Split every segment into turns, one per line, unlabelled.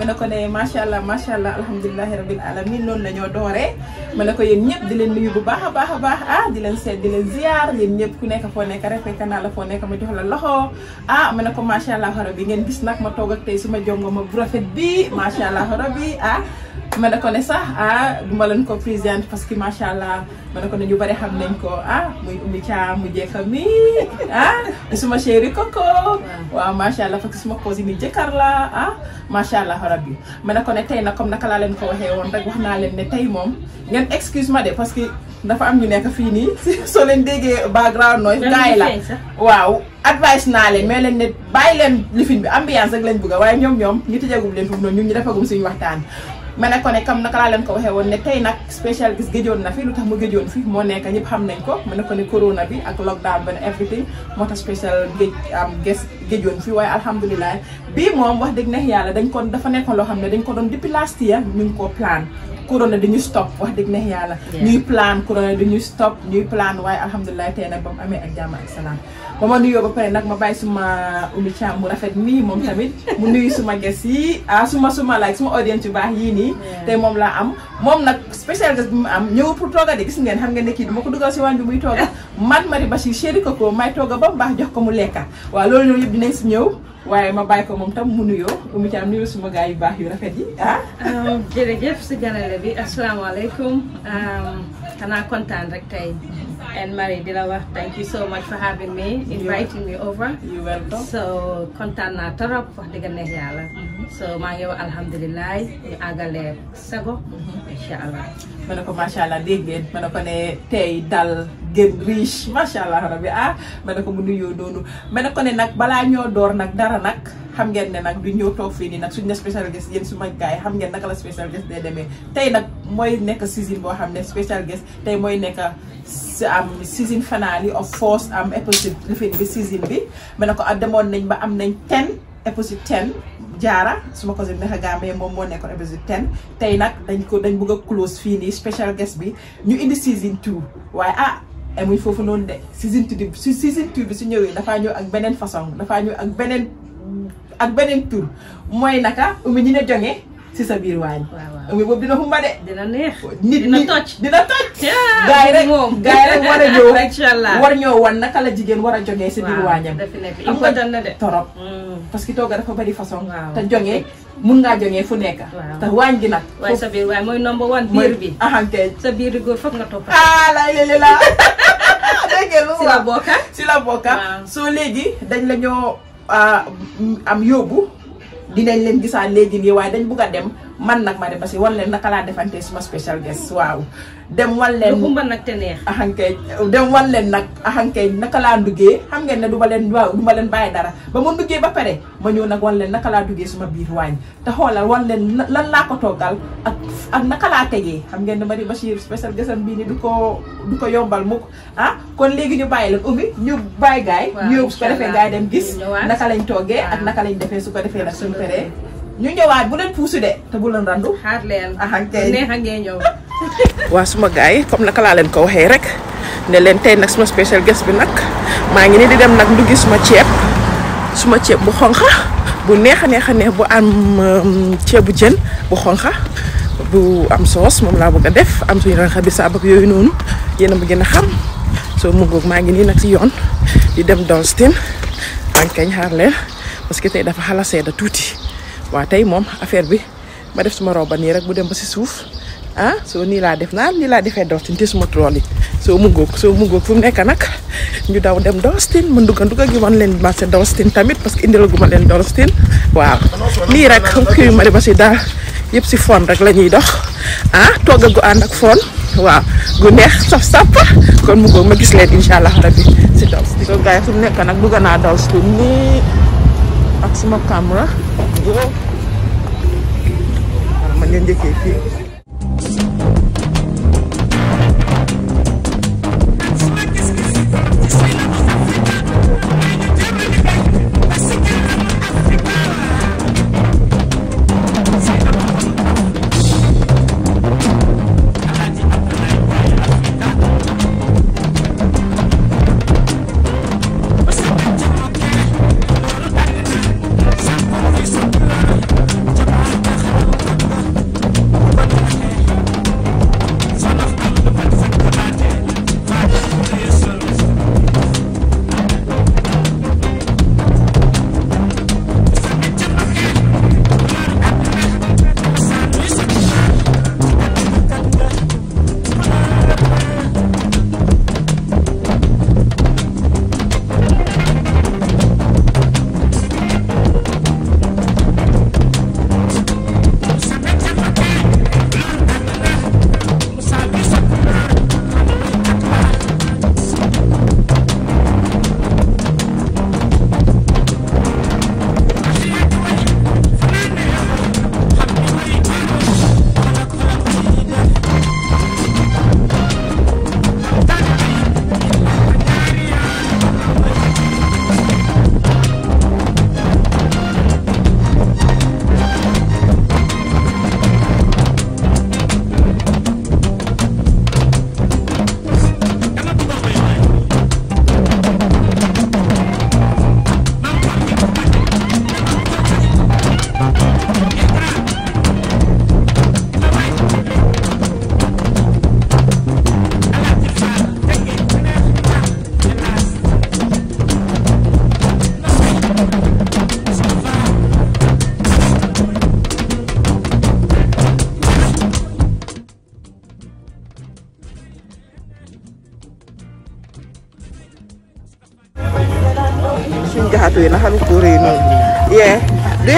ma ne ko ne macha allah macha allah alhamdulilahi rabil alamin noonu la ñoo dooree ma ne ko yéen ñëpp di leen nuyu bu baax a baax a baax ah di leen seet di leen ziar yéen ñëpp ku nekk foo nekk rek fekk naa la foo nekk ma jox la loxo a ma ne ko macha allah rabi ngeen gis nag ma toog ak tey suma jongo ma bu rafet bi macha allah rabi a ah. ma ne ko ne sax ah duma leen ko présenté parce que macha allah ma ne ko ne ñu bari xam nañ ko ah muy Oumy Thiam mu jëkkër mi ah suma chéri koko waaw macha allah fekk suma cousin yi jëkkër la ah macha allah rabbi ma ne ko ne tey na comme naka laa leen ko waxee woon rek wax naa leen ne tey moom ngeen excuse ma de parce que dafa am ñu nekk fii nii soo leen déggee background noise gaay la waaw advice naa leen mais leen ne bàyyi leen lifin bi ambiance rek lañ bëgg waaye ñoom ñoom ñu tëjagum leen foofu noonu ñun ñu suñu waxtaan ma ne ko ne kam naka laa leen ko waxee woon ne tey nag spécial gis gëjoon na fi lu tax mu gëjoon fi moo nekk ñëpp xam nañ ko ma ne ko ne corona bi ak lockdown bi everything moo tax spécial géej am gës gëjoon fi waaye alhamdulilah bii moom wax dëgg neex yàlla dañ ko dafa nekkoon loo xam ne dañ ko doon depuis last year ñu ngi ko plan corona dañu stop wax dëgg neex yàlla ñuy plan corona dañu stop ñuy plan waaye alhamdulilah tey nag ba mu amee ak jàmm ak salaam ba ma nuyoo ba pare nag ma bàyyi suma Oumy Thiam mu rafet nii moom tamit mu nuyu suma ges yi ah, suma suma like suma audience yu baax yii nii tey moom laa am moom nag spécial guest bi mu am ñëw pour tooga de gis ngeen xam nga ne kii ko dugal si waañ bi muy tooga man Marie Bachir chéri Coco may tooga ba mu baax jox ko mu lekka waaw loolu yëpp dinañ si ñëw waaye ma bàyyi ko moom tam mu nuyoo Oumy Thiam nuyu suma gars yu baax yu rafet yi ah.
Um, jërëjëf si ganale bi asalaamaaleykum. Um, xanaa kontaan rek tey and Marie di la wax thank you so much for having me inviting me over so kontaan naa torop wax dëgg neex yàlla mm-hmm. so maa ngi wax alhamdulilah ñu àggale sago mm-hmm.
incha allah ma ne ko macha allah dégg ngeen ma ne ko ne tey dal gën riche macha allah rabbi ah ma ko mu nuyoo noonu ma ne ko ne nag balaa ñoo door nag dara nag xam ngeen ne nag du ñëw toog fii nii nag suñ ne special guest su ma kaay xam ngeen a la special guest day demee tey nag mooy nekk season boo xam ne special guest tey mooy nekk am season finale of force am épisode lifin bi season bi ma ne ko ah demoon nañ ba am nañ ten épisode ten jaara suma cousin Ndexa Gamé moom moo nekkoon épisode 10 tey nag dañ ko dañ bëgg a close fii nii special guest bi ñu indi season 2 waaye ah emuñ foofu noonu de season 2 si bi su ñëwee dafaa ñëw ak beneen façon dafaa ñëw ak beneen ak beneen tour mooy naka umi ñu ne joŋe ci sa biir waañ waaw dina xumba de dina neex nit dina toj dina toj gaay rek gaay rek war a war naka la si biir waañam am nga na de torop parce que tooga dafa bari façon te jogee mun ngaa jogee fu nekk gi sa number one biir bi ahankee sa biir góor nga ah lay lay ah, la si la si la bokka soo léegi dañ la ñoo ah, am dinañ leen gisaa léegi nii waaye dañ bugg a dem man nag ma dem parce que wan leen naka laa defante suma special guest waaw dem wan leen lu kumba nag te neex axankay dem wan leen nag axankay naka laa duggee xam ngeen ne du ma leen waaw du leen bàyyi dara ba ma duggee ba pare ma ñëw nag wan leen naka laa duggee suma biir waañ te xoolal wan leen lan laa ko toggal ak ak naka laa tegee xam ngeen ne ba Bachir special guest am bii ni du ko du ko yombal mukk ah kon léegi ñu bàyyi leen ubbi ñu bàyyi gaay ñu su ko defee gaay dem gis naka lañ toggee ak naka lañ defee su ko defee nag suñu ñu ñëwaat bu leen puusu de te bu leen randu xaar leen ah kay neex ak ngeen ñëw waa suma gaay comme naka laa leen ko waxee rek ne leen tey nag suma special guest bi nag maa ngi ni di dem nag nduggi suma ceeb suma ceeb bu xonxa bu neex a neex a neex bu am um, ceebu jën bu xonxa bu am soos moom laa bëgg a def am suñu ranxa bi saab ak yooyu noonu yéen a ma gën a xam soo mu maa ngi nii nag si yoon di dem Dolstin ankañ xaar leen parce que tey dafa xala tuuti wa tay mom, affaire bi ma def suma roba ni rek bu dem ba ci souf ah so ni la def na ni la defé dostin ci suma trool yi soo mu góog mu fu nek nak ñu daw dem dostin mu ndugga ndugga gi wan leen marché dostin tamit parce que indilagu guma leen dostin waaw ni rek ma def ci si yep ci fon rek lañuy dox ah toga gu and ak fon waaw gu neex saf sap kon mu góog ma gis leen inshallah rabbi rabi dostin so kon fu nek nak duga na dostin ni Aksima camera Go. ma ngeen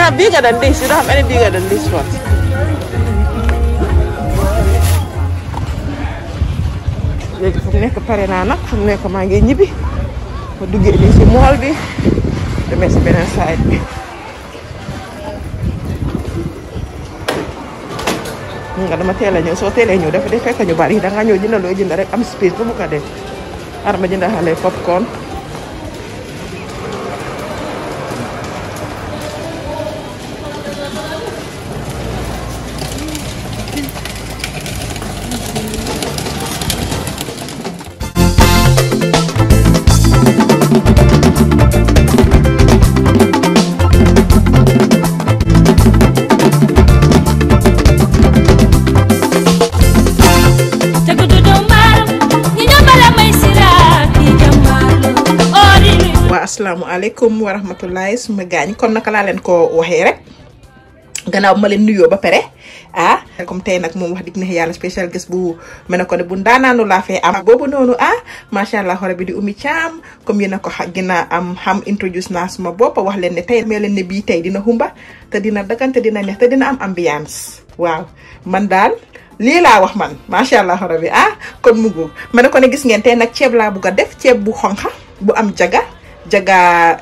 have bigger than this. You don't have any bigger than this one. léegi fu mu nekk pare naa nag fu mu nekk maa ngi ñibbi ma duggee bi demee si beneen side bi nga dama teel a ñëw soo teelee dafa day fekk ñu bari da nga ñëw jënd loo jënd rek am space bu mu ko def xaaral jënd popcorn asalaamaaleykum wa rahmatullahi suma gañ kon naka la len ko waxee rek gannaaw ma len nuyo ba ah comme tay nak mom wax dëgg na yalla special guest bu mena ne ko ne bu ndaanaanu la fee am bobu nonu ah sha allah bi di umi cham comme yena ko gina am ham introduce na suma bop wax len ne tay melen ne bi tay dina humba te dina dagan dina neex te dina am ambiance Wow. man Lila Wahman. la wax man sha allah rabbi ah kon mugo góob ne ko ne gis ngeen nak la bu def ceeb bu xonxa bu am jaga jaga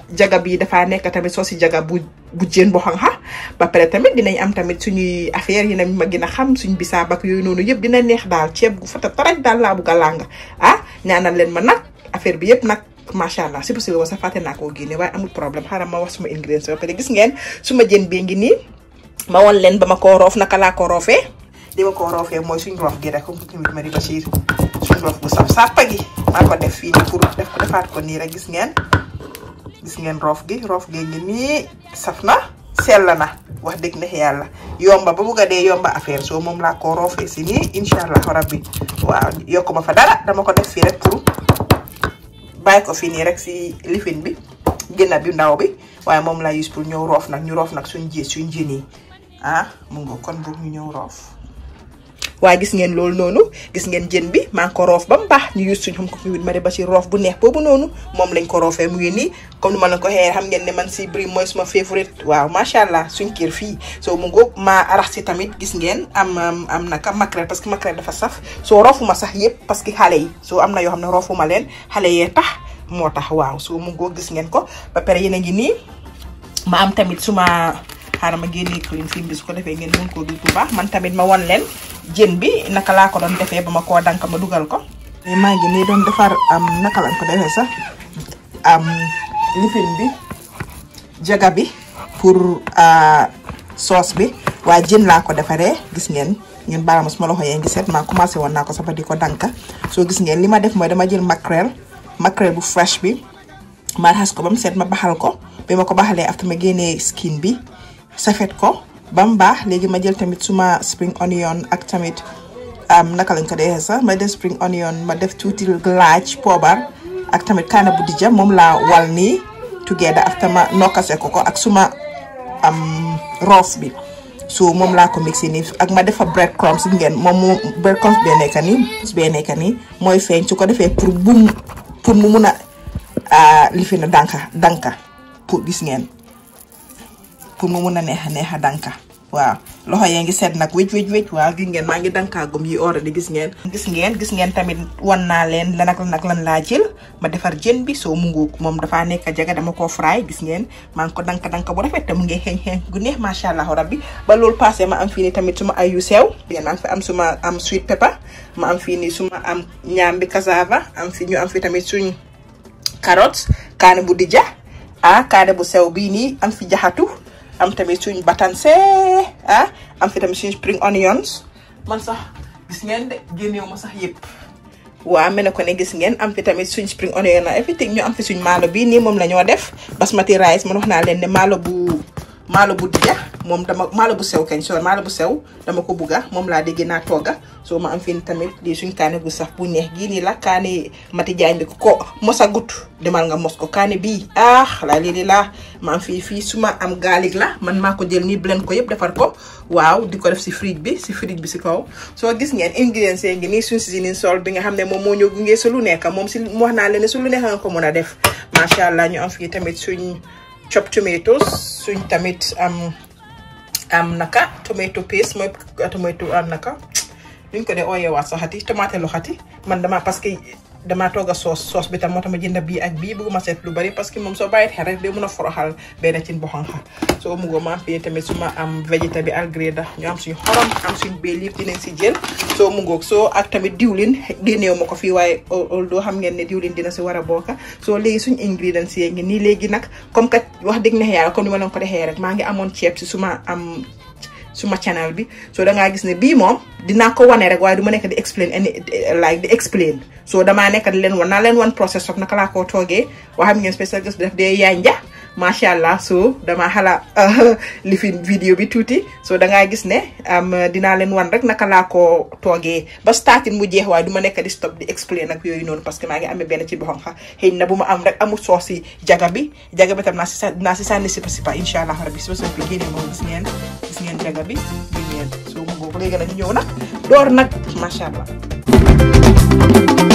jaga bi dafa nek tamit sosi jaga bu bu jeen bo xanga ba pare tamit dinañ am tamit suñu affaire yi nañ ma gina xam suñu bisa bak yoy nonu yeb dina neex dal ciep gu fata dal la bu galanga ah ñaanal leen ma nak affaire bi yëpp nag macha allah si possible sa faté nak ko gine way amul problème xara ma wax suma ingrédients ba pare gis ngeen suma jeen bii ngi ni ma won leen bama ko rof nak la ko rofé li ma koo gi rek ko tamit ma di ba si bu sap sap gi ma ko def fi pour def ko defat ko ni rek gis ngeen gis ngeen rof gi rof gi ngi ni safna na wax dëgg neex yalla ya yomba ba bugg de yomba affaire so mom la ko roofee si nii inshallah rabbi waaw yokku ma fa dara dama ko def fi rek pour bay ko fini rek si lifin bi gënna bi ndaw bi waye mom la use pour ñew rof nak ñu rof nak suñu jé suñu ah mu nga kon bu ñu ñëw waaye gis ngeen lol nonu gis ngeen jeen bi ma ko rof ba bax baax ñu yus suñ xam ko fi wit ba si rof bu neex bobu nonu mom lañ ko rofé mu ngi comme ni la ko xam ngeen ne man si brie moy suma favorite waaw sha allah suñ kër fi so mu ngóob ma arax ci tamit gis ngeen am am ka makrel parce que makrel dafa saf so rofuma sax yépp parce que xalé yi so am na yoo xam ne roofuma leen xale tax motax waaw so mu ngo gis ngeen ko ba pare yene ngi ni ma am tamit suma xaaral ma génnee clean film gitu, bi su ko defee ngeen mën ko du bu man tamit ma won len jeen bi naka la ko don defee bama ko dank ma dugal ko. mais ma ngi ni don defar am naka lañ ko defee sa am lifin bi jaga bi pour sauce bi wa jeen la ko defaree gis ngeen ngeen baram suma ya, loxo yee ngi set ma commencé won nako sa di dank so gis ngeen lima def moy dama jël makrel makrel bu fresh bi ma has ko bam set ma bahal ko bima ko baxalee ya, after ma génnee skin bi. safet ko ba mu baax léegi ma jël tamit suma spring onion ak tamit naka lañ ko dee sax ma def spring onion ma def tuuti laaj poobar ak tamit kaana bu jam moom laa wal nii together ak ma nokkase ko ko ak suma roof bi so moom laa ko mixé ak ma defa bread ngeen moom moom bread crumbs bee nekka nii mooy feeñ su ko defee pour bu mu mun a ah, lifina danka danka pour gis ngeen pour mu na neha neex danka waaw loxo yaa ngi seet nak wéj wéj wéj waaw gis ngeen maa ngi gum yi ora di gis ngeen gis ngeen gis ngeen tamit won naa leen la nak nak lan laa jël ma defar jën bi soo mu ngoog moom dafa nekk jaga dama ko fry gis ngeen maa ngi ko danka danka bu rafet te mu ngi xeeñ xeeñ gu neex macha allah rabbi ba loolu passé ya, ma am fii ni tamit suma ay yu sew ngeen maa ngi fi am suma am sweet pepper ma am fii ni suma am ñaam bi cassava am fi ñu am fi tamit suñ carottes kaane bu dija ah kaane bu sew bii nii am fi jaxatu am tamit suñ batanse ah am fi tamit suñ spring onions man sax gis ngeen de génneew ma sax yëpp waaw mel ne ko ne gis ngeen am fi tamit suñ spring onion na everything ñu am fi suñ maalo bi nii moom la ñoo def basmati rice man wax naa leen ne maalo bu maalo bu digga moom dama maalo bu sew kañ soo maalo bu sew dama ko bugga moom laa déggee naa togga soo ma am fii tamit lii suñ kaane gu sax bu neex gii nii la kaane mati jaañ bi ko mosagut demal nga mos ko kaane bii ah laa lii laa fii fii su ma am gaalik la man maa ko jël nii blend ko yëpp defar ko waaw di ko def si fridge bi si fridge bi si kaw soo gis ngeen ingredients yi ngi nii suñ seasoning salt bi nga xam ne moom moo ñëw gunge su lu nekk moom si wax naa leen su lu nekk nga ko mën a def macha allah ñu am fii tamit suñ chopped tomatoes suñ tamit am am naka tomato paste mooy tomato am naka nuñ ko dee ooyewaat saxati tomate loxati man dama parce que damaa toog a soos bi tam moo tax ma jënd bii ak bi bëgguma seet lu bari parce que moom soo bàyyit xel rek day a foroxal benn cin bu xonqa soo mugoo ma am tamit su ma am végéta bi algreda ñu am suñu xorom am suñu béy yëpp dinañ si jël soo mungoog soo ak tamit diwlin génneew ma ko fii waaye doo xam ngeen ne diwlin dina si war a bokk soo léegi suñu si yi ngi nii léegi nag comme kat wax dëgg neex yàlla ma leen ko defee rek maa ngi amoon ceeb si su am suma channel bi so da gis ne bii moom dinaa ko wane rek waaye du ma nekk di explain any like di explain so damaa nekk di leen wan naa leen wan process of naka laa koo toogee waa xam ngeen special guest bi daf dee yaay yanja macha allah so dama xalaat li fi vidéo bi tuuti so dangaa gis ne am dinaa leen wan rek naka laa ko toogee ba starting mu jeex waa du ma nekk di stop di explain ak yooyu noonu parce que maa ngi amee benn ci boxam xa xëy na bu ma am rek amul soos si jaga bi jaga bi tam naa si sa naa si sànni sipa sipa incha allah rabbi sipa sipa bi moom gis bi gis mu boobu léegi ñëw nag door nag
macha allah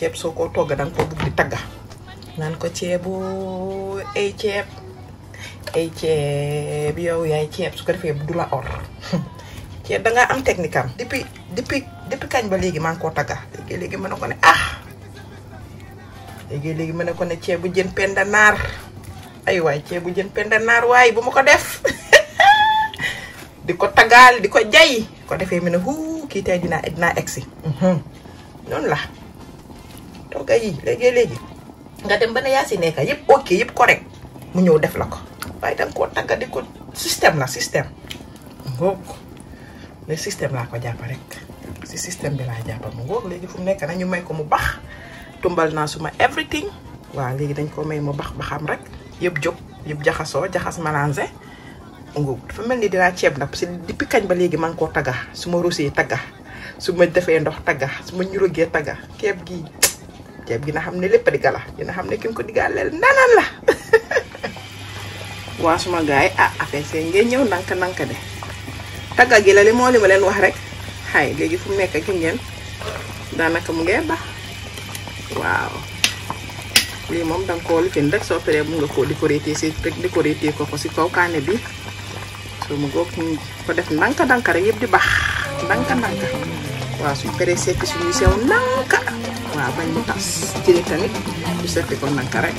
ceeb soko ko dang ko bëgg di tagga nan ko ceebu ay ceeb ay ceeb yow yaay ceeb su ko defee du la or ceeb da nga am technique am depuis depuis depuis kañ ba léegi maa ngi koo tagga léegi léegi mën ko ne ah léegi léegi mën na ko ne ceebu jën penda naar ay waay ceebu jën penda naar waay bu ma def di ko tagaal di ko jay ko defee mu ne huu kii tey dinaa dinaa egsi mhm. non la tooga yi legi. léegi nga dem ba ne yaa si ok yep correct mu ñew def lako way dang ko tagga diko ko système la système ngok le système la ko japp rek ci système bi la japp mu ngok legi fu mu nekk na ñu may ko mu bax tumbal na suma everything wa legi dañ ko may mu bax baxam rek yep jop yep jaxaso oh, jaxas mélanger ngok dafa melni dina ciép nak ci dipi kañ ba legi maa ko tagga suma rosé tagga suma defé ndox tagga suma ma tagga kep gi ceeb gi nga xamne lepp di gala gi nga xamne kim ko digalel nanan la wa suma gars ah afé sé ngey ñew nank nank dé tagga gi la li mo li len wax rek hay légui fu nekk ak ngeen naka mu ngey baax waaw li mom dang ko lifin rek so féré mu nga ko décorer si rek décorer ko ko ci kaw kané bi so mu ñu ko def nank nank rek nangka. di bax nank nank wa suñ féré suñu sew nank waaw bañ mu tas ci ni tamit ñu seeti ko naka rek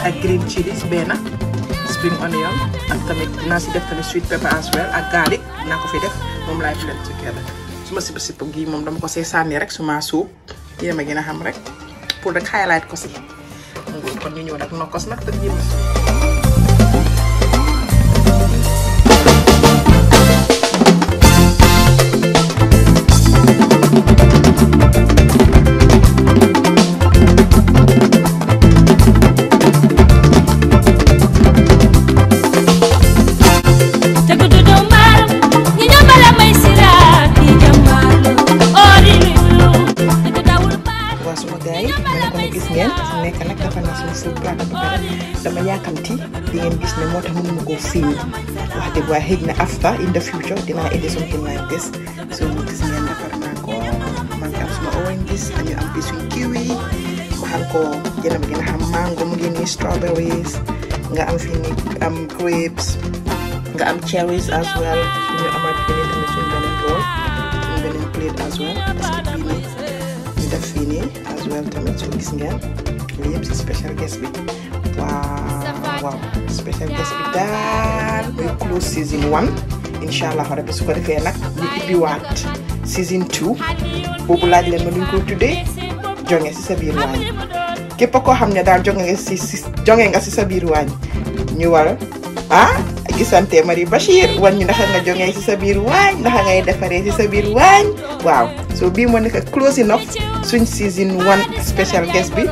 A green chilies bena spring onion ak tamit naa si def tamit sweet pepper as well ak garlic na ko fi def moom laay together su ma sipa sipa gii moom dama ko see sani rek su ma suub yéen rek pour rek highlight ko si kon ñu ñëw nak nokkos te
gaay bala ko gis ngeen parce que nekk nag dafa na suñ
ti di ngeen gis ne moo na after in the future dinaa indi something like this so gis ngeen defar naa aku maa ngi am suma oranges kiwi aku ko jënam hamang nga strawberries nga am grapes nga am cherries as well ñu amaat fii nii tamit suñ beneen bool as well def ini as well tamit gis ngeen lii yëpp special guest bi wow waaw special ya, guest bi daal muy close season one inshallah allah rabbi su ko defee nag ñu ubbiwaat season two boobu laaj leen ma nuñ ko tuddee jonge si sa biir waañ képp koo xam ne daal jonge nga jonge nga si sa biir waañ ñu war ah gisante Marie Bachir wan ñu naka nga jongee si sa biir waañ naka ngay defaree so bi mo nek close enough suñ season one special guest bi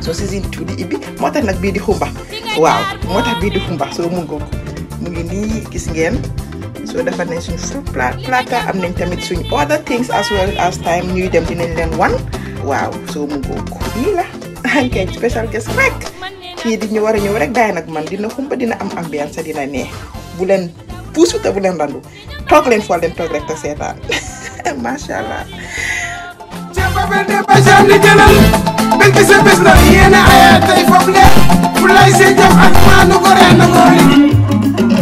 so season two di ibi, moo tax bi di xumba waaw moo tax di xumba so mu ngok mu ngi ni gis ngeen so dafa ne suñ fruit plata am nañ tamit suñ other things as well as time new dem dinañ leen wan waaw so mu ngok nii la special guest rek ki di ñu wara a rek day nak man dina xumba dina am ambiance dina neex bu pusu pousu ta bu len randu tok len fo len tok rek ta setan macha allah.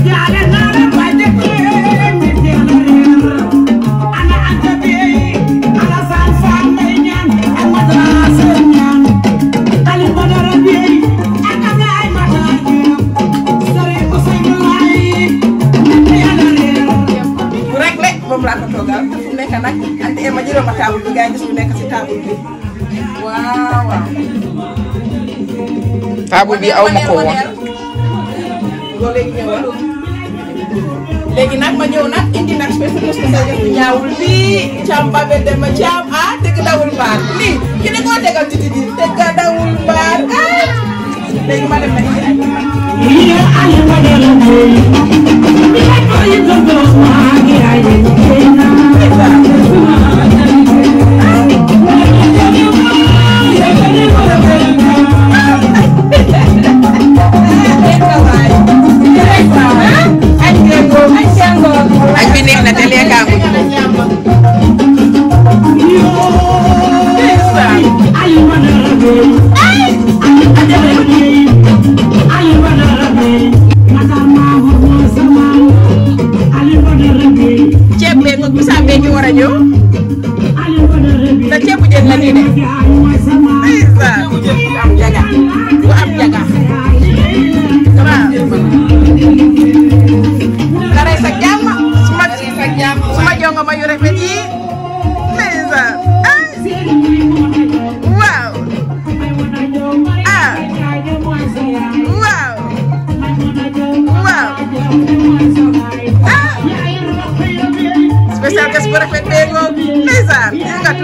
jaare naa la
bu bi aw ma ko woon nak nag ma ñëw nak indi nag spécialiste spécialiste bu ñaawul lii cam babe dama cam ah dëgg dawul baar lii ki ne koo tegal ci didi dëgg dawul baar ah léegi ma dem na indi nag
Thank you.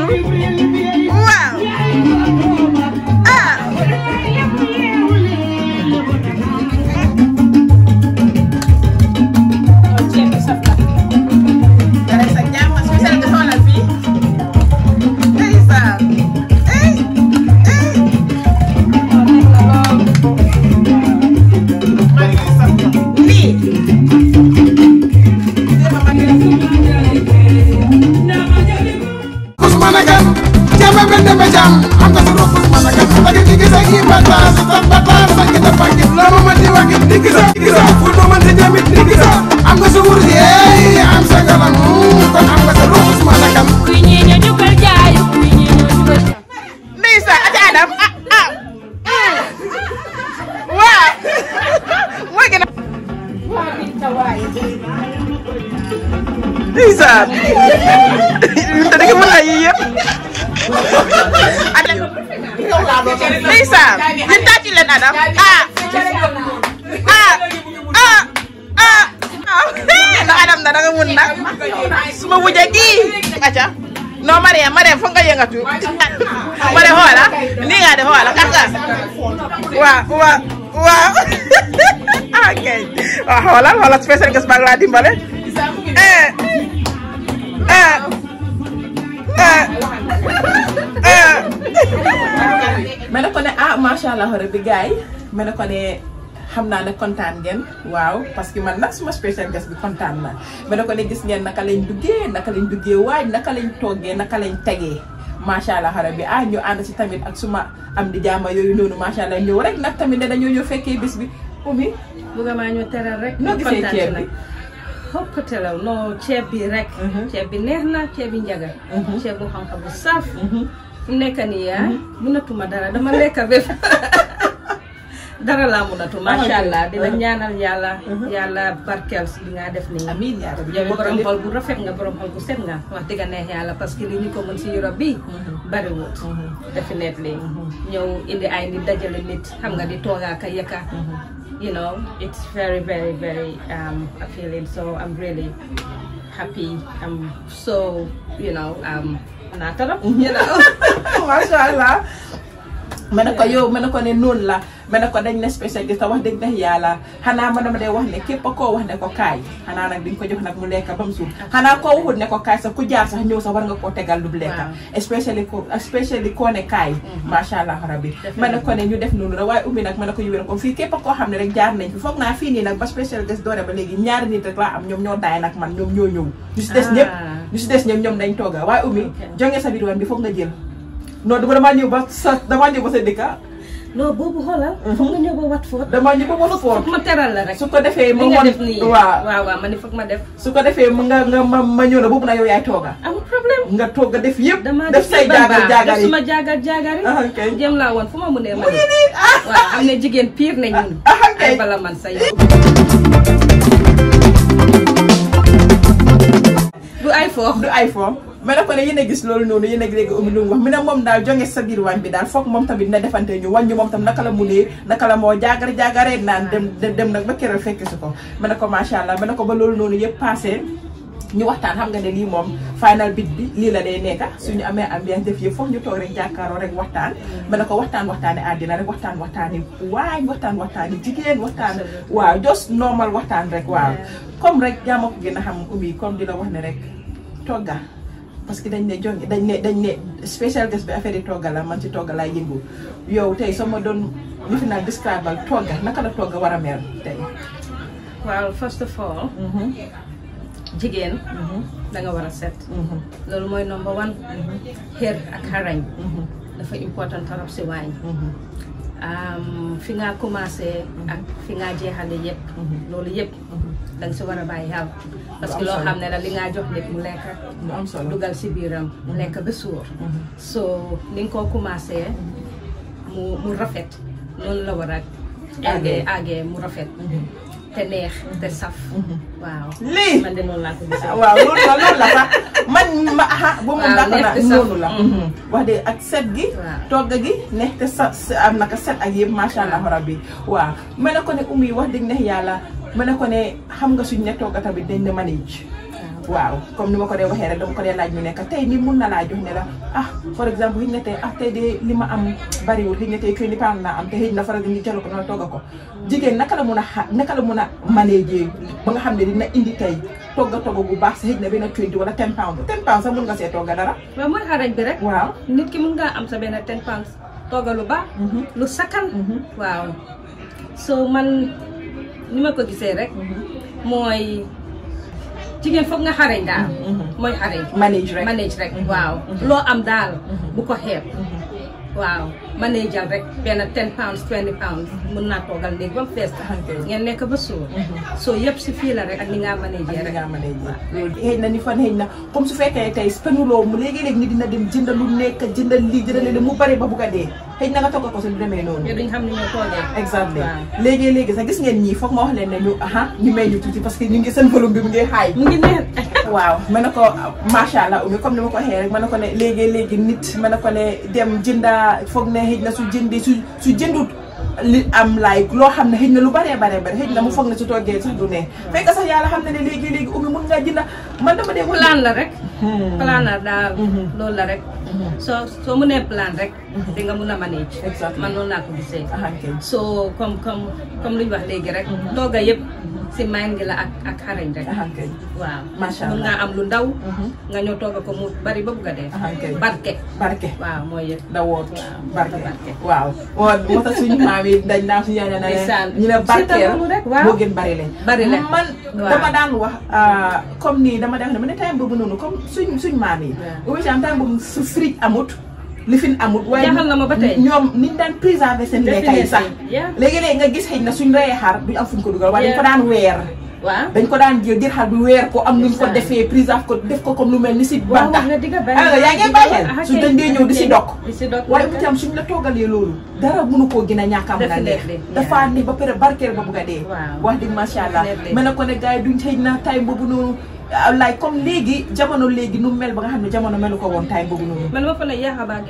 Gabriel.
xoolal xoolal su fekkee Gaspard laa dimbale. ma ne ko ne ah macha allah rabbi gars yi ma ne ko ne xam naa ne kontaan ngeen waaw parce que man nag suma special guest bi kontaan na ma ne ko ne gis ngeen naka lañ duggee naka lañ duggee waaj naka lañ toggee naka lañ tegee. macha allah xarab ah ñu ànd si tamit ak suma am di jaama yooyu noonu macha allah ñëw rek nag tamit ne dañoo ñëw fekkee bis bi Oumy
bëgg maa ñu teral rek. noo gisee ceeb bi
hoppatelaw non ceeb bi
rek. Mm-hmm. ceeb bi neex na ceeb bi njaga. ceeb bu xam-xam bu saaf. fu nekk nii yaa. mënatuma dara dama lekk bépp. dara laa munatu ah, macha allah dina ñaanal yàlla yàlla barkeel si li nga def nii amiin yaa rabbi yow borom xol bu rafet nga borom xol bu set nga wax dëgg neex yàlla parce que li ñu ko mën si Europe bi bariwut mm-hmm. definitely ñëw mm-hmm. indi ay nit dajale nit xam nga di toogaa ah, ka yëkka you know it's very very very um, appealing so i'm really happy
i'm so you know um you know mashallah ma ne ko yow ma ne ko ne noonu la ma ko dañ ne spécial gi te wax dëgg neex yàlla xanaa ma dama wax ne képp koo ko kaay xanaa nag di nga ko jox nag mu ne ko kaay sax ku jaar sax ñëw sax war nga koo tegal lu lekka spécially ko spécially koo ne kaay mhm. macha allah rabbi ma ko ne ñu def noonu la waaye umbi nag ma ne ko yówéen ko fii képp koo xam ne rek jaar nañ fi foog naa fii nii nag ba spécial ges doore ba léegi ñaari nit rek laa am ñoom ñoo daay nag man ñoom ñoo ñu si des ñëpp ah. ñu si des ñëpp ñoom dañ sa biir waan bi foog nga jël non dama damaa ñëw ba sa damaa ñëw ba sa dëkka ah. non boobu xoolal. foog nga ñëw ba Watford. ma teral la rek. su ko defee ma wan li waaw waaw ma ne foog ma def. su ko defee ma nga ma ma ñëw na boobu na yow yaay tooga. amul problème nga toog a def yëpp. def say jaagar jaagar yi def suma
jaagar jaagar yi. Ah, jéem laa woon fu ma mënee ma ne. Ah. waaw am na jigéen pire ne ñun. ay bala
man say. du ay foofu du ay foofu. ma ne ko ne yéen a gis loolu noonu yéen a dégg lu mu wax mu ne moom daal jonge sa biir waañ bi daal foog moom tamit na defante ñu wàññi moom tam naka la munee naka la moo jaagar ko ma ne ko macha allah ma ne ko ba loolu noonu yëpp passé ñu waxtaan xam nga ne lii moom final bit bi lii la day nekka suñu amee ambiance def yëpp foog ñu toog rek jàkkaaroo rek waxtaan ma ne ko waxtaan waxtaani àddina rek waxtaan waxtaani waañ waxtaan waxtaani jigéen waxtaan waaw just normal waxtaan rek waaw comme rek jàmm ko gën a xam ummi comme di la wax ne rek togga parce que dañ ne jox dañ ne dañ ne spécial guest bi affaire yi togga la man ci togga laay yëngu yow tey sama ma doon ñu fi naan describe al togga naka la togga war a mel tey. waaw first of all. Mm-hmm. jigéen. Mm-hmm.
da war a set. Mm-hmm. loolu mooy number one. xeer ak xarañ. dafa important trop si waañ. fi nga commencé ak fi nga jeexale yëpp mhm. loolu yëpp mhm. da si war a bàyyi xel parce que loo xam ne la li nga jox nit mu soo dugal si biiram mhm. mu lekk ba suur so ni nga ko commencé mu mu rafet loolu la war a àggee àggee mu rafet te neex te saf. lii waaw loolu la loolu la
man ma ah ba mu dàq naa loolu la. Mhm. wax de ak set gi. togg gi neex te sa am naka set ak yëpp macha allah rabbi waaw ma ne ko ne um yi wax dëgg neex yàlla ma ne ko ne xam nga suñ ne togg tamit dañ ne manage waaw comme ni ma ko dee waxee rek dama ko dee laaj ñu nekk tey ni mun na laa jox ne la ah par exemple xëy na tey ah tey de li ma am bariwul xëy na tey kër ni paan naa am te xëy na faral di ñu jalu ko noonu togga ko jigéen naka la mun a xa naka la a xam ne dina indi tey togga togga bu baax si xëy na benn 20 wala 10 pounds 10 pounds sax mun nga see togga dara waaw mooy xarañ bi
rek waaw nit ki mun ngaa am sa benn 10 pounds togga lu baax mhm. lu sakkan mhm. waaw so man ni ma ko gisee rek mhm. mooy jigéen foog nga xarañ daal. Mm-hmm. mooy xarañ. manage rek manage mm-hmm. waaw. Mm-hmm. loo am daal bu ko xeeb waaw. manager rek benn ten pounds twenty pounds mën naa toogal
ngeen nekk ba suur mhm. soo yëpp si fii la rek ni ngaa manager rek na ni fan xëy na comme su fekkee tey penuloo mu léegi-léegi ni dina dem jënd lu nekk jënd lii jënd li mu bari ba bugg dee xëy na nga togga ko si lu demee noonu duñ xam ni ñoo toogee exactement léegi-léegi sax gis ngeen ñii foog ma wax leen ne ñu aha ñu may ñu tuuti parce que ñu ngi seen volume mu ngi xaay mu ngi neex waaw ma ne ko macha allah umi comme ni ma ko waxee rek ma ne ko ne ne xëj na su jëndee su su jëndut li am laay loo xam ne xëj na lu baree baree bare xëj na mu foog na su toggee sax du ne fekk sax yàlla xam ne ne léegi léegi ummi mun ngaa jënd man dama dee plan la rek
hmm.
plan la daal hmm. loolu la rek hmm. soo soo mënee plan rek di nga mun a manage man noonu laa ko gisee ah, so comme comme comme lu ñu wax léegi rek togga yëpp si mang la ak ak xarañ rek waaw macha allah mun am lu ndaw mhm. nga ñëw tooga ko mu bari ba bugg a dee barke barke waaw mooy yëpp dawoot
barke waaw moo tax suñu maam yi dañ naan suñu yaay ne ñu ne barkeel moo gën bari lañ bari lañ man dama daan wax ah, comme nii dama def ne ma ne time boobu noonu comme suñ suñ maam yi wécc am time boobu fridge amut li fi amul. waaye ñoom niñ daan préserver seen lekkay sax léegi-léegi nga gis xëy na suñ reyee xar duñ am fuñ ko dugal waaye dañ ko daan weer waaw dañ ko daan jël xar bi weer ko am nuñ ko defee prise ko def ko comme lu mel ni ah, ah, si banta yaa ngeen bàyyeel su dañ dee ñëw di si dokk waaye mu am suñ la toogalee loolu dara mënu koo gën a ñàkk a mën a dafa ne ba pare barkeel ba bugg a dee wax dëgg macha allah mën na ko ne gars yi duñ xëy na tay boobu noonu Euh, like comme léegi jamono léegi nu mel ba nga xam ne jamono melu ko woon time boobu noonu. man ma fa ne yaaxa baa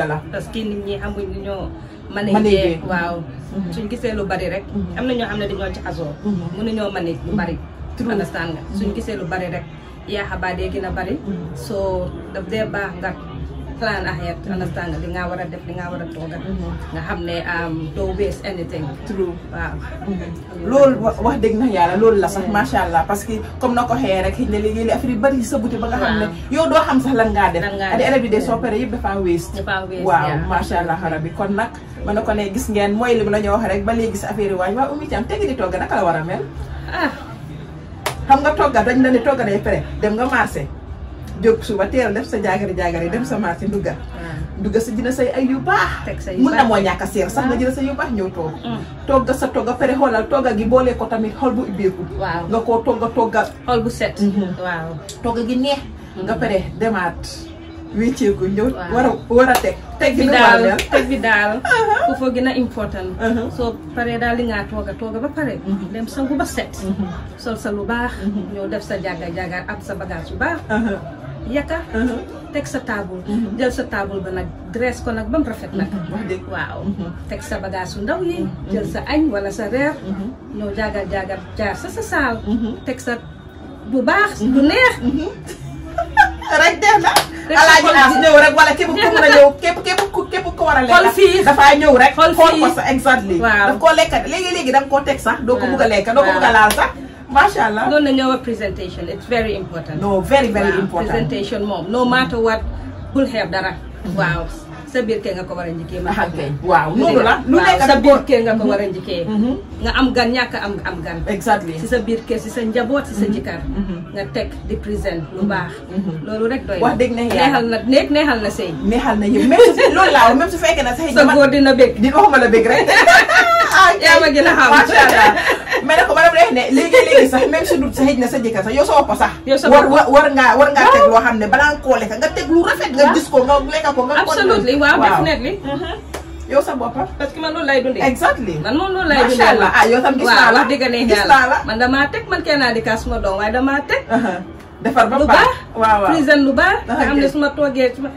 a parce que nit
ñi amuñ lu ñoo
managé waaw
mm-hmm. suñ gisee lu bari rek mm-hmm. am na ñoo xam ne dañoo jaxasoo mm-hmm. mënuñoo manage lu bari understand nga suñ gisee lu bari rek yaaxa baa dee gën a bari soo daf dee baax nga plan ahead to mm-hmm. understand war a def li nga war a tooga mm-hmm. nga xam ne um, doo
mm-hmm. loolu wax dëgg na yàlla loolu la sax macha allah parce que comme na ko xëyee rek xëy na léegi affaire yi bari sa buté ba nga xam ne yow doo xam sax lan ngaa def adi élève yi de soo paree yëpp dafa waste waaw macha allah xarabi kon nag mën na ko ne gis ngeen mooy li mu la ñu wax rek ba léegi sa affaire yi waañ waaw Umi Thiam tegi togga naka la war a mel ah xam nga togga dañ la ne togga day pare dem nga marché jóg suba teel def sa jaagari jaagari dem sa marché ndugga ndugga ah. sa jënd say ay yu baax mun na moo ñàkk a seer sax nga ah. jënd sa yu baax ñëw toog ah. togga sa togga pare xoolal gi boolee ko tamit xol bu ubbeeku nga koo togga togga xol bu set mhm. waaw togga gi neex nga mhm. pare demaat wécceeku ñëw war a war a teg teg bi daal
teg bi daal uh-huh. foofu gën a important uh-huh. soo paree daal li ngaa tooga tooga ba pare mhm. dem sangu ba set sol sa lu baax ñëw def sa jàgga jàggaar am sa bagage bu baax uh-huh. yaka uh-huh. teg sa table uh-huh. jël sa table ba nag dress ko nag ba mu rafet nag uh-huh. waaw teg sa bagage su ndaw yi jël sa añ wala sa reer ñëw jaagar jaagar jaar sa sa saal teg sa bu baax bu neex rek def na alaaji as ñëw rek wala képp ku mën a ñëw
képp képp ku képp ku war a
lekk xool fii dafaa ñëw rek xool ko sa
exactly
daf koo lekk léegi-léegi da nga koo teg sax doo ko bugg a lekk doo ko bugg a laal sax macha allah loolu la ñu
wax présentation it's very important. no moom no matter what bul xeeb dara. waaw sa biir kee nga ko war a ma xam ne waaw noonu la lu nekk sa biir kee nga ko war a njëkkee. nga am gan ñàkk am am gan. exactly si sa biir kër si sa njaboot si sa mm-hmm. jëkkër. Mm-hmm. nga teg di présent lu baax. Mm-hmm. loolu rek doy wax dëgg na neexal na neex neexal na sëy.
neexal na yëpp même su loolu a même su fekkee na sa góor dina bëgg di waxuma la bëgg rek. يا ما قلها ما شاء ada ما لكم انا بريحنا ليجي ليجي صح ما يمشي دوب سهيد نسجي كاسا يو سوى war nga teglu xamne balan ko lek nga teglu rafet nga gis ko nga absolutely waaw definitely
yow sa boppam parce que exactly man moom allah ah yow tam gis naa la wax dëgg ne yàlla ya. man damaa teg man kenn naa di kaas ma doom waaye uh-huh. damaa teg defar ba baax prison lu baax nga xam ne su ma toogee su ma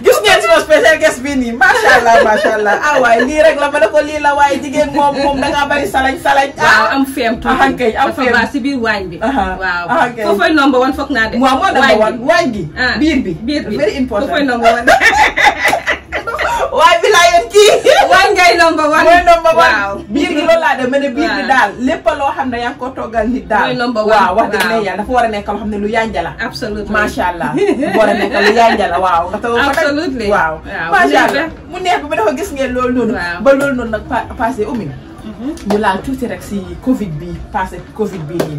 gis ngeen suma spécial guest bi nii macha allah macha allah ah waaye lii la ma ne ko lii la waaye jigéen moom moom dangaa bari salañ salañ. ah am feem tuuti ah kay am feem si biir waay bi. a a a a foog naa a a moo number one waañ gi ah, biir bi biir bi very important foofu number one. Why be lion yéen One guy number one Why number one. waaw biir gi loolu laa de mel ne biir gi daal lépp loo xam ne yaa ngi ko number one Wow, wax dëgg ne yàlla dafa war a nekk loo xam ne lu yànja la. absolument macha allah. war a nekk lu yànja la waaw. nga toog fa nag allah mu neex ba dafa gis ngeen loolu noonu. ba loolu noonu nag passé umi. Mm-hmm. ñu laal tuuti rek si Covid bi passé Covid bi nii.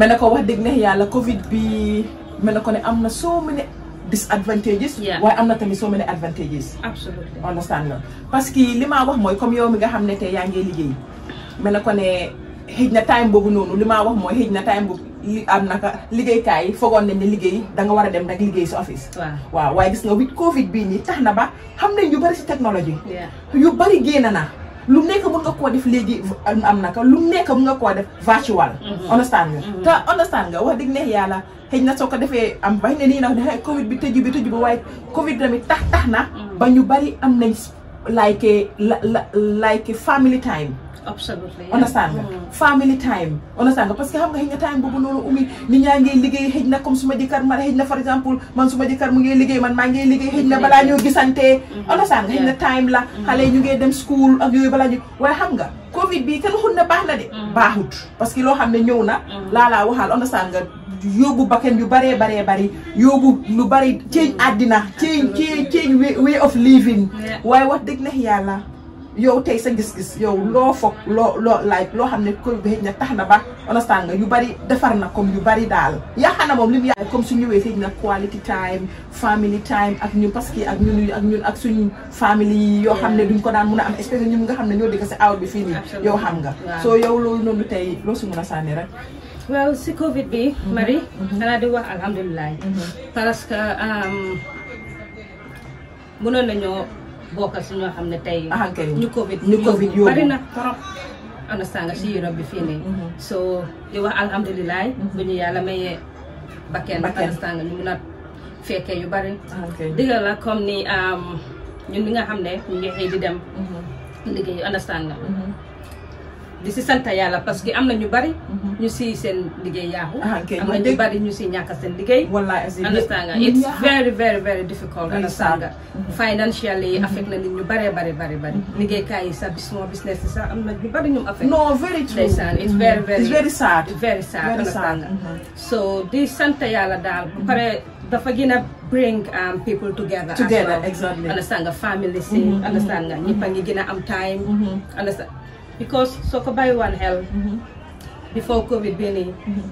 mel na ko wax dëgg ne yàlla Covid bi mel na ko ne am na many disadvantages waaye am na tamit so many advantages absolutely understand na parce que li ma wax mooy comme yow mi nga xam ne tey yaa ngee liggéey mel a ko ne xëj na time boobu noonu li ma wax mooy xëj na time boobu li am naka liggéeykaay yi foogoon nañ ne liggéey danga war a dem nag liggéey si office waaw waaye gis nga with covid bii nii tax na ba xam nañ yu bari si technologie yu bari génn na lu nekk mën nga koo def léegi am naka lu nekk mën nga koo def virtual mhm. understand nga mhm. te understand nga wax dëgg neex yàlla xëy na soo ko defee am bañ ne nii nag dafa covid bi tëju bi tëju bi waaye covid tamit tax tax na mhm. ba ñu bari am nañ like like family time
absolutely understand nga hmm.
family time understand nga parce que xam nga xëy na time boobu noonu umi nit ñaa ngee liggéey xëy na comme suma jëkkër man xëy na par exemple man suma jëkkër mu ngee liggéey man maa ngee liggéey xëy na balaa ñoo gisantee hmm. understand nga xëy na time la hmm. xale ñu ngee dem school ak yooyu balaa ñu waaye xam nga covid bi kenn xul ne baax na de baaxut parce que loo xam ne ñëw na laalaa waxaal understand nga yóbbu bakkan yu baree baree bari yóbbu lu bari change àddina change change way of living waaye wax dëgg neex yàlla yow tey sa gis-gis yow loo foog loo loo like loo xam ne Covid bi na tax na ba understand nga yu bari defar na comme yu bari daal yaakaar na moom li mu yaay comme su ñëwee xëy na quality time family time ak ñun parce que ak ñun ak ñun suñu family yi yoo xam ne duñ ko daan mun a am espèce ñun nga xam ne ñoo dëkk si aw bi fii nii yow xam nga soo yow loolu noonu tey loo si mun a sànni rek waaw si Covid bi mhm. Marie xanaa mhm. di wax
alhamdulilah mhm. parce que um, mënoon bokkal si ñoo xam ne tey. Ah, ñu Covid ñu Covid yóbbu bari na trop. anastanga si Europe bi fii nii. Mm-hmm. so di wax alhamdulilah. Mm-hmm. bu ñu yàlla mayee bakkeen anastanga ñu mun a fekkee yu bari. Ah, dëgg la comme ni ñu ñi nga xam ne ñu ngi xëy di dem. Mm-hmm. liggéey anastanga. di si yàlla parce que am ñu bari. Mhm. ñu si seen liggéey yaaxu. Ah, am ñu bari ñu si ñàkk seen liggéey. it's very very very difficult. understand mhm. financially mhm. affect na nit ñu baree bari bari bari. liggéeykaay yi sax small business yi sax ñu bari ñu affect. non very true it's very very. it's very sad very sad understand so di sant yàlla dal, ba pare. dafa gën a bring um, people together. together exactly understand nga family si. understand nga ñëpp ngi gën am time. understand. because soo ko bàyyi woon xel. Mm-hmm. before Covid bii nii. Mm-hmm.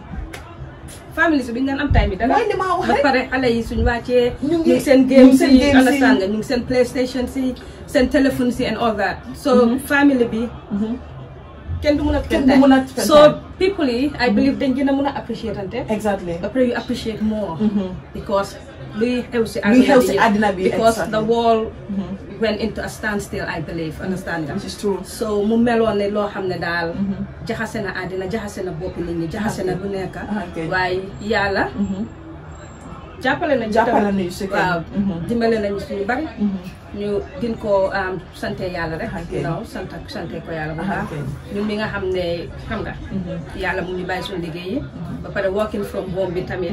famille su bi ñu daan am time yi dara. ba pare xale yi suñu wàccee. ñu ngi seen game si ñu ngi seen playstation si seen téléphone si and all that. so mm-hmm. famille bi. kenn du mun a kenn du mun a so people yi I believe dañ gën mun a appreciate ante. exactly après you appreciate more. because luy xew si àddina bi because the world. went into a standstill I believe understand nga. so mu meloon ne loo xam ne daal. Mm-hmm. jaxase na àddina jaxase na boppi nit ñi jaxase na lu nekk. waaye yàlla. Mm-hmm. jàppale nañu jàppale nañu si mm-hmm. dimbale nañu suñu bari. ñu gën koo um, sante yàlla rek. non sant sante ko yàlla bu baax. ñun mi nga xam ne xam nga. yàlla mu ngi bàyyi suñu liggéey ba pare working from home bi tamit.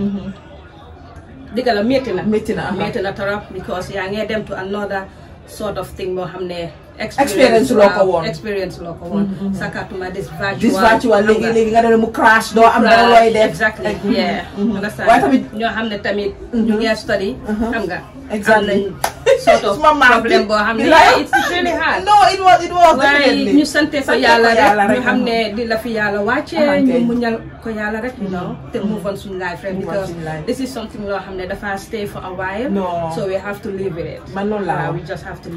digga la métti na métti na métti na trop because yaa ngee dem to another sort of thing moo xam ne. experience loo ko woon experience loo ko woon. Mm-hmm, mm-hmm. sakatuma this virtual. this virtual léegi
mu crash doo am dara looy def. exactly mm-hmm, yeah. waaye tamit
ñoo xam ne tamit. ñu ngi study. xam nga. exactly sort of problème boo xam ne it's really hard no it was it was waaye ñu la fi yàlla wàccee ñu muñal ko yàlla loo xam ne dafa a while so we have to live with it man loolu uh, laa we just have to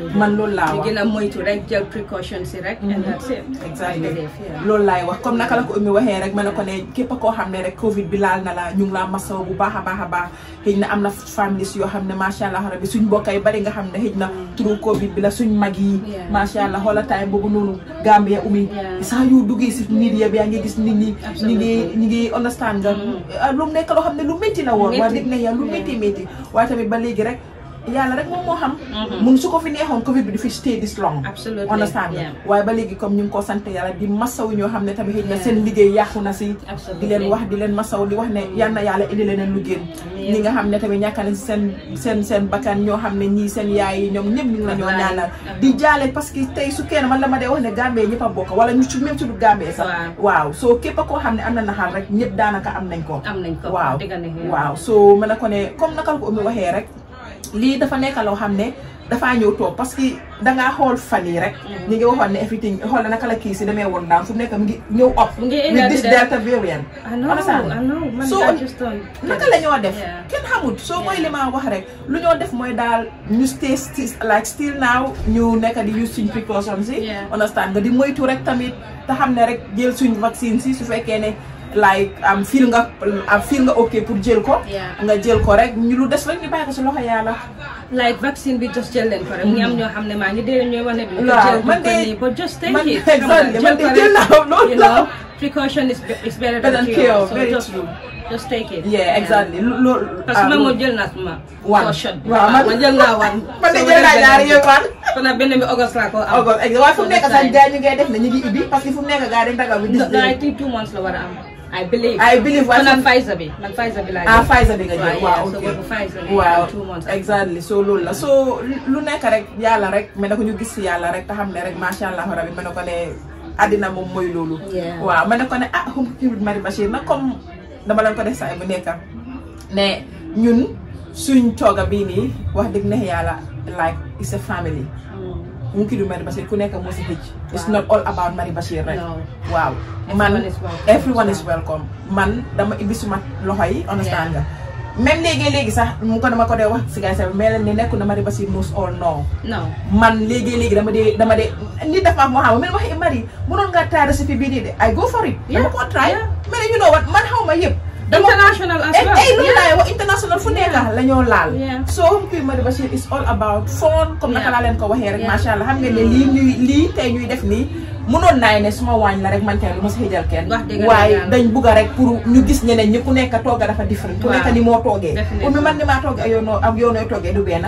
a moytu
rek jël précautions yi
mm-hmm.
laay wax comme naka la ko ummi waxee rek ma ne ko ne képp koo xam ne rek covid bi laal na la ñu ngi laa masaw bu baax a baax a baax xëy na am na families yoo xam ne macha allah rabbi suñ mbokk bari nga nga xam ne xëj na turu covid bi la suñ mag yi macha allah xoola time boobu noonu Gambia umi saa yu duggee si media bi yaa ngi gis nit ñi ngi understand nga mm-hmm. ah, lu nekk loo xam ne lu métti na woon waa dégg na yaa lu métti métti waaye tamit ba léegi rek yàlla rek moom moo xam. Mhm. mun su ko fi neexoon Covid bi di fi stay this long. absolutely understand waaye ba léegi comme ñu ngi ko sant yàlla di masawu ñoo xam ne tamit xëy na seen liggéey si. leen wax di leen wax ne mm. yal na yàlla indi leneen lu génn. ñi nga xam ne tamit ñàkk nañ seen seen seen bakkan ñoo xam ne ñii seen yaay yi ñoom ñëpp ñu ngi la ñoo di jaale parce que tey su kenn man la ma dee wax ne Gambie ñëpp a bokk wala ñu su même su du Gambie sax. waaw soo képp koo xam ne am na naxaar rek ñëpp daanaka am nañ ko. am nañ ko waaw waaw soo mën a ko ne comme nakal ko umi waxee rek lii dafa nekk loo xam ne dafaa ñëw toog parce que dangaa xool fan yi rek. Mm. ñu ngi waxoon ne everything xool naka la kii si demee woon daan su nekk mu ngi ñëw op. mu ngi indi this delta variant. soo
naka la ñoo def.
kenn xamut soo mooy li wax rek. lu ñoo def mooy daal ñu stay like still now ñu nekk di use suñ précaution si. understand nga di moytu rek tamit te xam ne rek jël suñ vaccine si su fekkee ne. like am fil nga am fil nga ok pour jël ko. nga jël ko rek ñu lu des rek ñu bàyyi ko si loxo yàlla. like vaccine bi just jël leen ko rek. ñu am ñoo
xam ne maa ngi dee ñooy wane. waaw man de jël ko just take it. man de jël naa loolu la. precaution is is better than cure. so just just take it. yeah exactly
loolu.
parce que man ah, moo jël naa suma. wan waaw man jël naa wan. man de jël naa ñaari yëpp wan. kon nag benn bi August laa ko am. August waaye fu mu nekk sax gars
ñu ngi def ne ñu ngi ubbi parce que fu mu nekk gars dañu ragal bi. gis nga
two months la war a am. I believe. I believe. Well, nag Pfizer bi nag Pfizer bi laa jël. ah Pfizer bi nga jël waaw
exactly so loolu la soo lu nekk rek yàlla rek mais na ko ñu gis si yàlla rek te xam ne rek macha allah rabi ma ne ko ne àddina moom mooy loolu. waaw ma ne ko ne ah Home Hibiscus Marie Bachir nag comme dama leen ko def saa bu nekka ne ñun suñ tooga bii nii wax dëgg neex yàlla like it's a family. mu ngi mari Mary Bashir ku nek mo ci it's not all about Mary Bashir rek. Wow, man everyone is welcome man dama ibi suma loxoy understand nga même légui légui sax mu ko dama ko dee wax ci gars yi mais ne nekku na Mary Bashir knows all no. man légui légui dama de dama de ni dafa mo xam mel waxi Mary mënoon ngaa taal recipe bi nii de I go for it. dama ko try mais you know what man xawma ma international as eh, well ay eh, loolu laay wax international fu nekk la ñoo laal. so Home Kër Madi Bachir is all about fun. comme naka laa leen ko waxee rek macha allah xam nga ne lii ñuy lii tey ñuy def nii. mënoon naay ne suma waañ la rek man tey lu ma si xëjal kenn waaye dañ bugg a rek pour ñu gis ñeneen ñi ku nekk tooga dafa different ku nekk ni moo toogee pour mi man ni maa toogee ak yoonoo ak yoonooy toogee du benn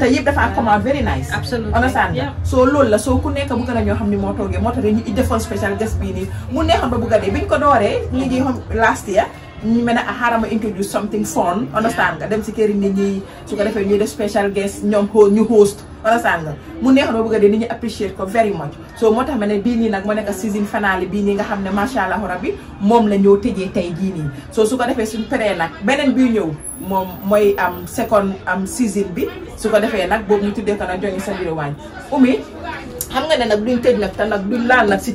te yëpp dafa comment very nice understand soo loolu la soo ku nekk bugg na ñoo xam ni moo toogee moo tax ñu defal special a ko dooree ñu ñu mel ne ah xaaral ma introduce something fun understand nga dem si kër yi nit ñi su ko defee ñuy def special guest ñoom ñu host understand nga mu neex noo bëgg a dee nit ñi ko very much so moo tax ma ne bii nii nag ma nekk season finale bii nii nga xam ne macha allah rabbi moom la ñoo tëjee tey jii nii so su ko defee suñ paree nag beneen bii ñëw moom mooy am second am season bi su ko defee nag boobu ñu tuddee ko nag joxe sa biir waañ umi xam nga ne nag duñ tëj nag te nag duñ laal nag si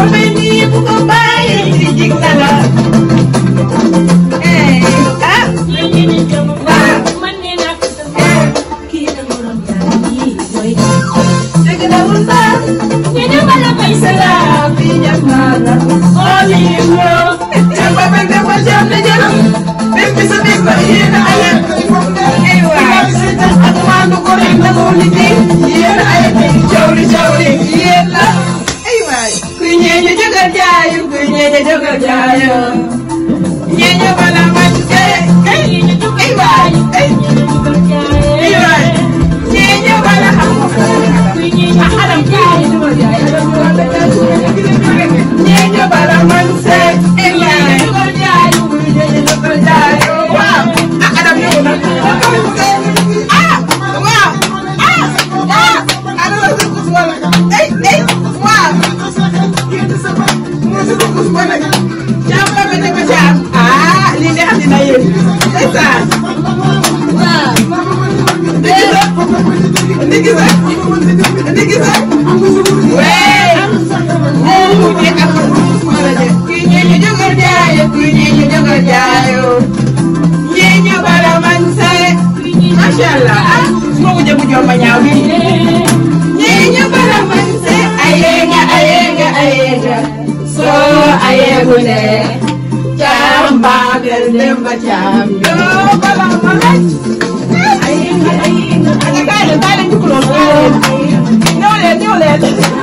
yéen
a ay jawli jawli yéen
nyeye jogo jayo nyeye bala manje nyeye cho Chamba, del demba, chamba, bala, malach.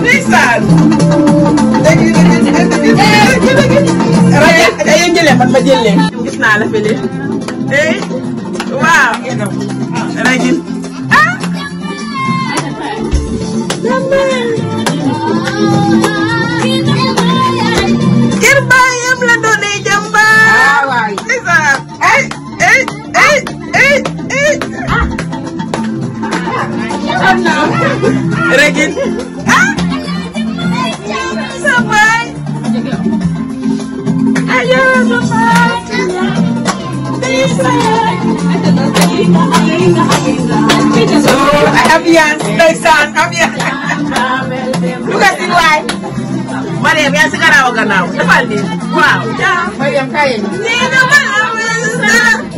ndeysaan dañuy
dañuy jëlee man ma jëlee gis naa la fële eh waaw ragin ah kër baayam la doonee jàmbaar ndeysaan ay ay ay
ay ay ragin my son. Come here.
Look at the light. Mariam, you're singing now, now. The baldi.
Wow. Mariam, crying. Nina, Mariam,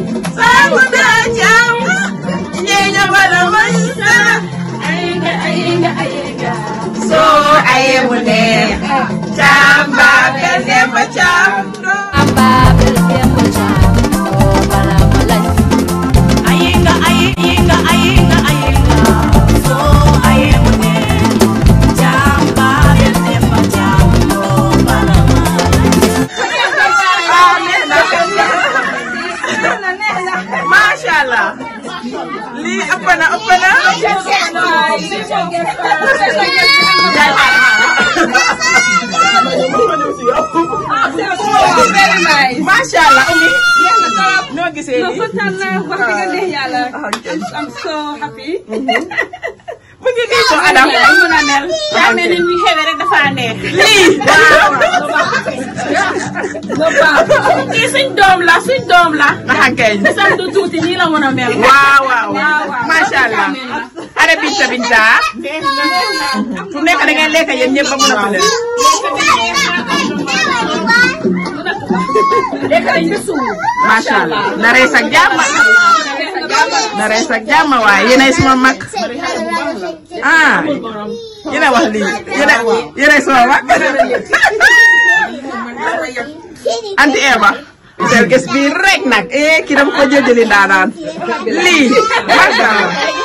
Jam.
So I am with them. Ah. Chamba, Chamba, Chamba. macha allah Oumy.
noo gisee nii kontaan naa wax dëgg neex yàlla. I'm so happy. mu ngi nii ko Adam. mu na mel. daa mel ni muy xewee
rek dafa neex.
lii. waaw waaw kii suñ doom la suñ doom la. ndax ak kay. sant tuuti nii la mën a mel. waaw waaw
macha allah.
Ada binta binta fu nekk da ngeen lekk yéen ñëpp ba mu
leen ba allah na rees ak na rees ak jàmm waaye yéenay suma mag ah
yéenay wax lii suma anti Eva
del gis bii rek eh ki ko jëjëli ndaanaan
lii macha allah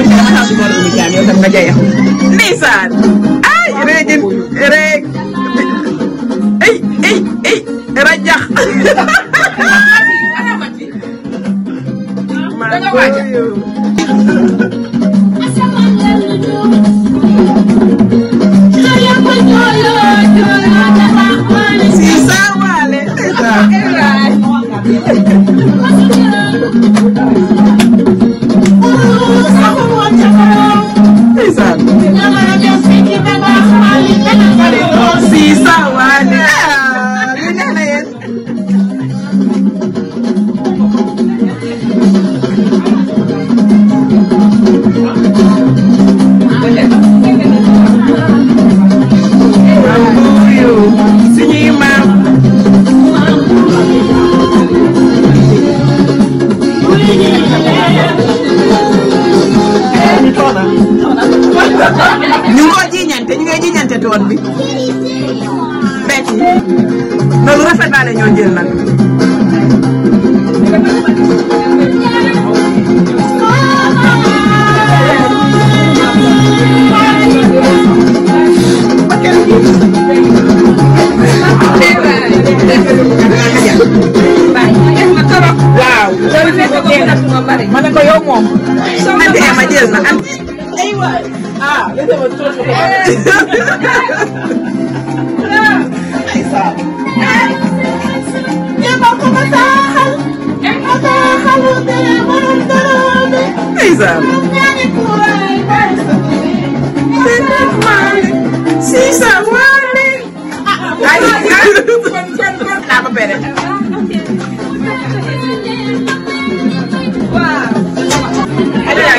dara ni jaan yow tam nga jaay xaw ndeysaan ay reegin reeg ay ay ay rajax
maa ngi koy doesn't matter. Anyway, ah, this is what George was about. Hey, Sam.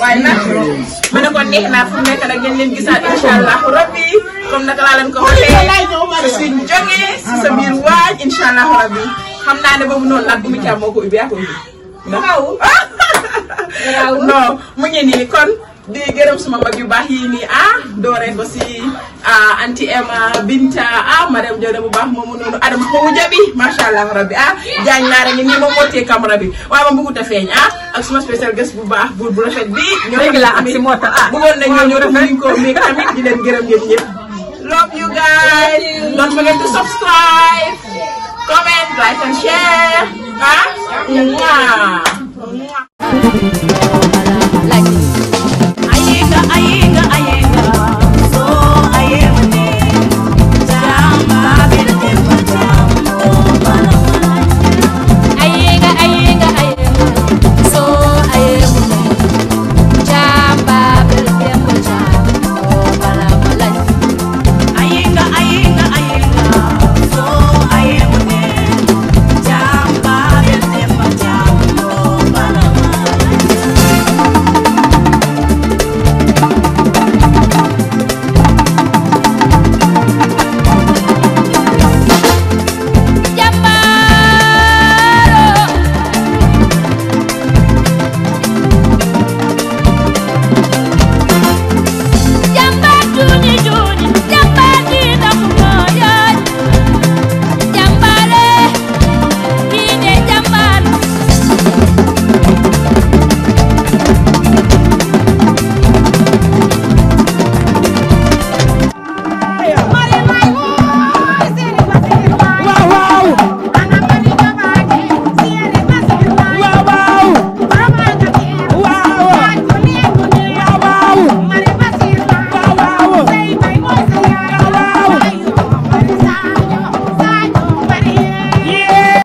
waaye nag ma ne naa fu nekk nag ngeen leen gisaat incha allah rabbi comme naka laa leen ko waxee suñ jógee si sa biir waañ incha allah rabbi xam naa ne boobu noonu laat bu mu caam moo ko ubbi yaa ko no non mu ngi nii kon di gërëm suma mag yu baax yii nii ah dooree si. uh, anti Emma Binta ah uh, madame Jodé bu baax moomu nonu adam moomu jabi macha rabbi ah jaañ naa rek ni mo moo téye camera bi waaye ma bugu ta feñ ah ak suma special guest bu baax bu bu rafet bi. rek la ak si mota ah bu won na ñu rafet ko mi tamit di len gërem ngeen ñepp love you guys don't forget to subscribe comment like and
share ah. Mwah. Mwah.